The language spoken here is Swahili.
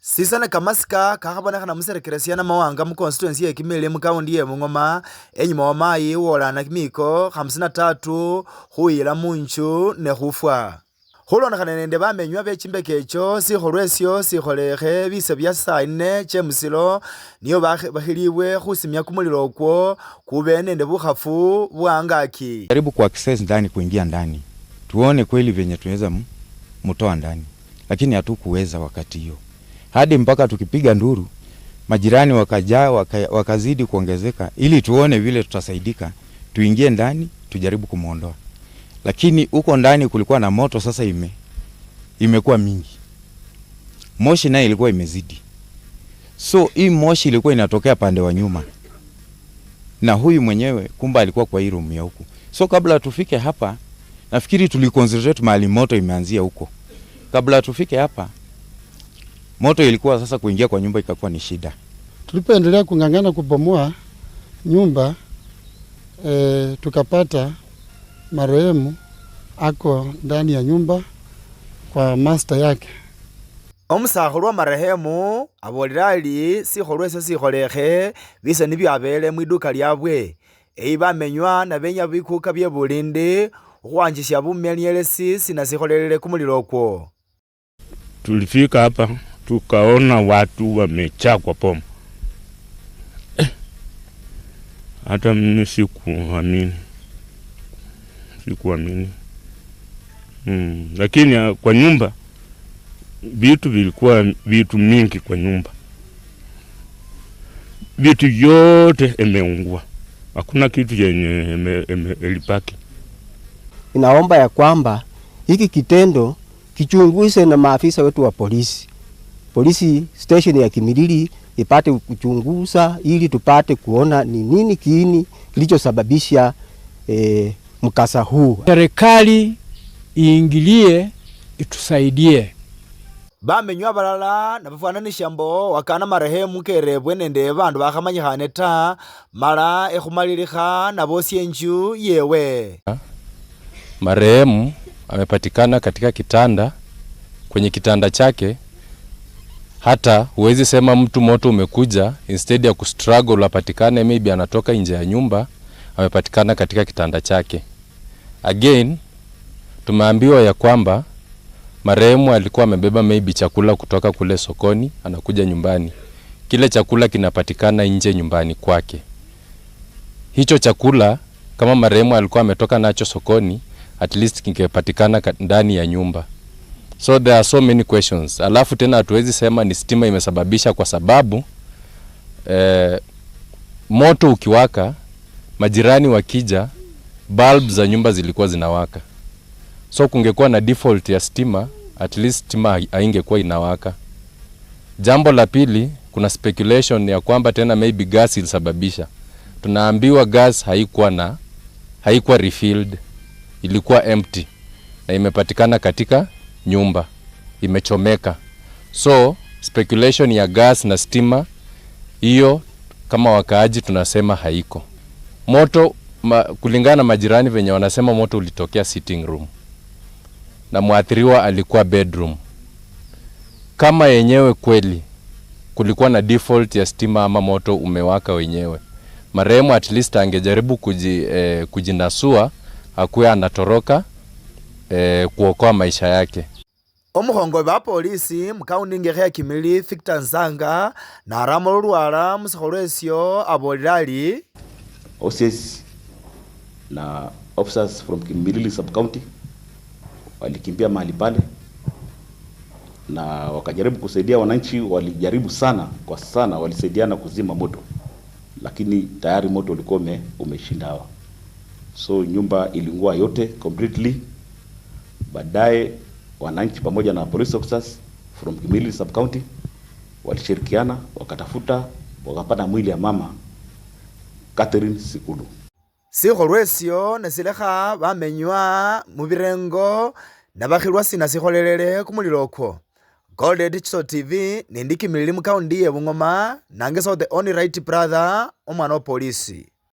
sisana kamasika kakhabonekhana muserekeresya namawanga muconstituency ye kimilili mukaundi ye mung'oma enyuma wa mayi wolana kimiko 53 khuyila munju ne khufwa khulondekhana nende bamenywa bechimbeka echo sikholwa esyo sikholekhe bise bya sayine chemusilo niyo bakhilibwe khusimya kumulilo okwo kube nende bukhafu buangaki jaribu access ndani kuingia ndani tuone kweli venye tunaweza mtoa ndani, lakini hatukuweza wakati hiyo, hadi mpaka tukipiga nduru majirani wakajaa waka, wakazidi kuongezeka, ili tuone vile tutasaidika, tuingie ndani tujaribu kumwondoa, lakini huko ndani kulikuwa na moto sasa, ime imekuwa mingi, moshi naye ilikuwa imezidi. So hii moshi ilikuwa inatokea pande wa nyuma, na huyu mwenyewe kumba alikuwa kwa hii room ya huku. So kabla tufike hapa, nafikiri tulikonsentrate mahali moto imeanzia huko kabla tufike hapa moto ilikuwa sasa, kuingia kwa nyumba ikakuwa ni shida. Tulipoendelea kung'ang'ana kubomoa nyumba e, tukapata marehemu ako ndani ya nyumba kwa master yake omusakhulu wa marehemu abolera ali sikholwa esyo sikholekhe nibyo abele mwiduka lyabwe eyi bamenywa nabenya bikuka bye bulindi okhuwanjisya bumenyelesi sina sikholelele kumuliro okwo Tulifika hapa tukaona watu wamechakwa poma, hata mimi sikuamini, sikuamini mm. Lakini ah, kwa nyumba vitu vilikuwa vitu mingi kwa nyumba, vitu vyote imeungua, hakuna kitu yenye ilipaki. Inaomba ya kwamba hiki kitendo kichunguze na maafisa wetu wa polisi, polisi station ya Kimilili ipate kuchunguza ili tupate kuona ni nini kiini kilichosababisha e, mkasa huu. Serikali iingilie itusaidie bamenywa balala nabafwananisha mbo wakana marehemu kerebwe nende bandu bakhamanyikhane ta mala na bosi enju yewe marehemu amepatikana katika kitanda, kwenye kitanda chake, hata huwezi sema mtu moto umekuja. Instead ya kustruggle apatikane, maybe anatoka nje ya nyumba, amepatikana katika kitanda chake. Again, tumeambiwa ya kwamba marehemu alikuwa amebeba maybe chakula kutoka kule sokoni, anakuja nyumbani, kile chakula kinapatikana nje nyumbani kwake. Hicho chakula kama marehemu alikuwa ametoka nacho sokoni at least kingepatikana ndani ya nyumba. So there are so many questions. Alafu tena hatuwezi sema ni stima imesababisha kwa sababu eh, moto ukiwaka majirani wakija, bulb za nyumba zilikuwa zinawaka, so kungekuwa na default ya stima, at least stima haingekuwa inawaka. Jambo la pili, kuna speculation ya kwamba tena maybe gas ilisababisha. Tunaambiwa gas haikuwa na haikuwa refilled ilikuwa empty na imepatikana katika nyumba, imechomeka. So speculation ya gas na stima hiyo, kama wakaaji tunasema haiko. Moto ma, kulingana na majirani venye wanasema moto ulitokea sitting room na mwathiriwa alikuwa bedroom. Kama yenyewe kweli kulikuwa na default ya stima ama moto umewaka wenyewe, marehemu at least angejaribu kuji, eh, kujinasua akuwe anatoroka eh, kuokoa maisha yake. Omukhongobe wa polisi mukaunti ingekhe ya kimili Victor Nzanga narama lulwala musikho lwesyo abolela ali OCS na officers from Kimilili sub county walikimbia mahali pale na wakajaribu kusaidia wananchi, walijaribu sana kwa sana, walisaidiana kuzima moto, lakini tayari moto ulikuwa umeshinda hawa So nyumba ilingua yote completely. Baadaye wananchi pamoja na police officers from Kimili sub county walishirikiana wakatafuta wakapata mwili ya mama Catherine Sikulu. Sikholwa esyo nesilekha bamenywa mubirengo nabakhilwa sina sikholelele kumulilo okwo Gold Digital TV nindi Kimilili mu ye Bungoma nange so the only right brother omwana wa polisi